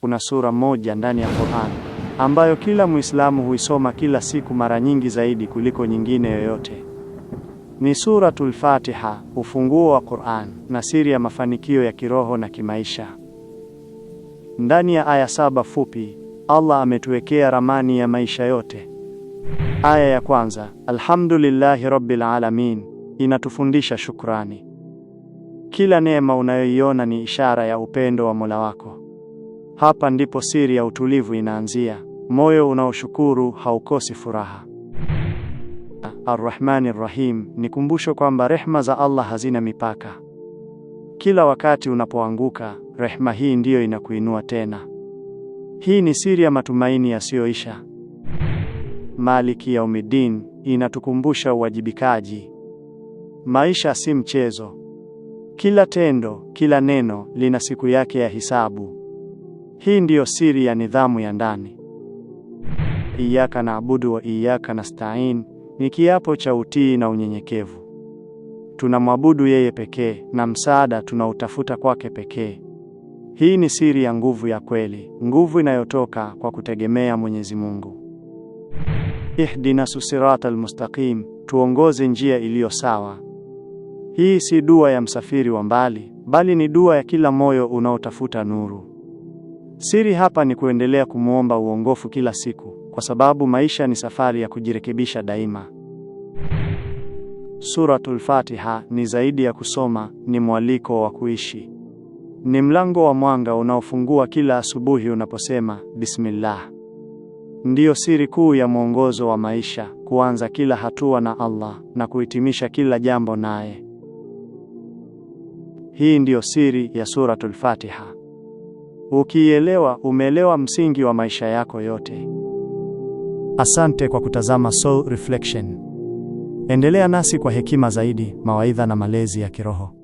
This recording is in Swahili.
Kuna sura moja ndani ya Qur'an ambayo kila Muislamu huisoma kila siku mara nyingi zaidi kuliko nyingine yoyote. Ni Suratul Fatiha, ufunguo wa Qur'an na siri ya mafanikio ya kiroho na kimaisha. Ndani ya aya saba fupi, Allah ametuwekea ramani ya maisha yote. Aya ya kwanza, Alhamdulillahi Rabbil Alamin, inatufundisha shukrani. Kila neema unayoiona ni ishara ya upendo wa Mola wako. Hapa ndipo siri ya utulivu inaanzia. Moyo unaoshukuru haukosi furaha. Arrahmani rahim ni kumbusho kwamba rehma za Allah hazina mipaka. Kila wakati unapoanguka, rehma hii ndiyo inakuinua tena. Hii ni siri ya matumaini yasiyoisha. Maliki Yaumiddin inatukumbusha uwajibikaji. Maisha si mchezo. Kila tendo, kila neno lina siku yake ya hisabu. Hii ndiyo siri ya nidhamu ya ndani. Iyaka na abudu wa iyaka nastain ni kiapo cha utii na unyenyekevu. Tunamwabudu yeye pekee na msaada tunautafuta kwake pekee. Hii ni siri ya nguvu ya kweli, nguvu inayotoka kwa kutegemea Mwenyezi Mungu. Ihdina sirata almustaqim, tuongoze njia iliyo sawa. Hii si dua ya msafiri wa mbali, bali ni dua ya kila moyo unaotafuta nuru. Siri hapa ni kuendelea kumwomba uongofu kila siku, kwa sababu maisha ni safari ya kujirekebisha daima. Suratul Fatiha ni zaidi ya kusoma, ni mwaliko wa kuishi. Ni mlango wa mwanga unaofungua kila asubuhi unaposema Bismillah. Ndiyo siri kuu ya mwongozo wa maisha, kuanza kila hatua na Allah na kuhitimisha kila jambo naye. Hii ndiyo siri ya Suratul Fatiha. Ukiielewa umeelewa msingi wa maisha yako yote. Asante kwa kutazama Soul Reflection. Endelea nasi kwa hekima zaidi, mawaidha na malezi ya kiroho.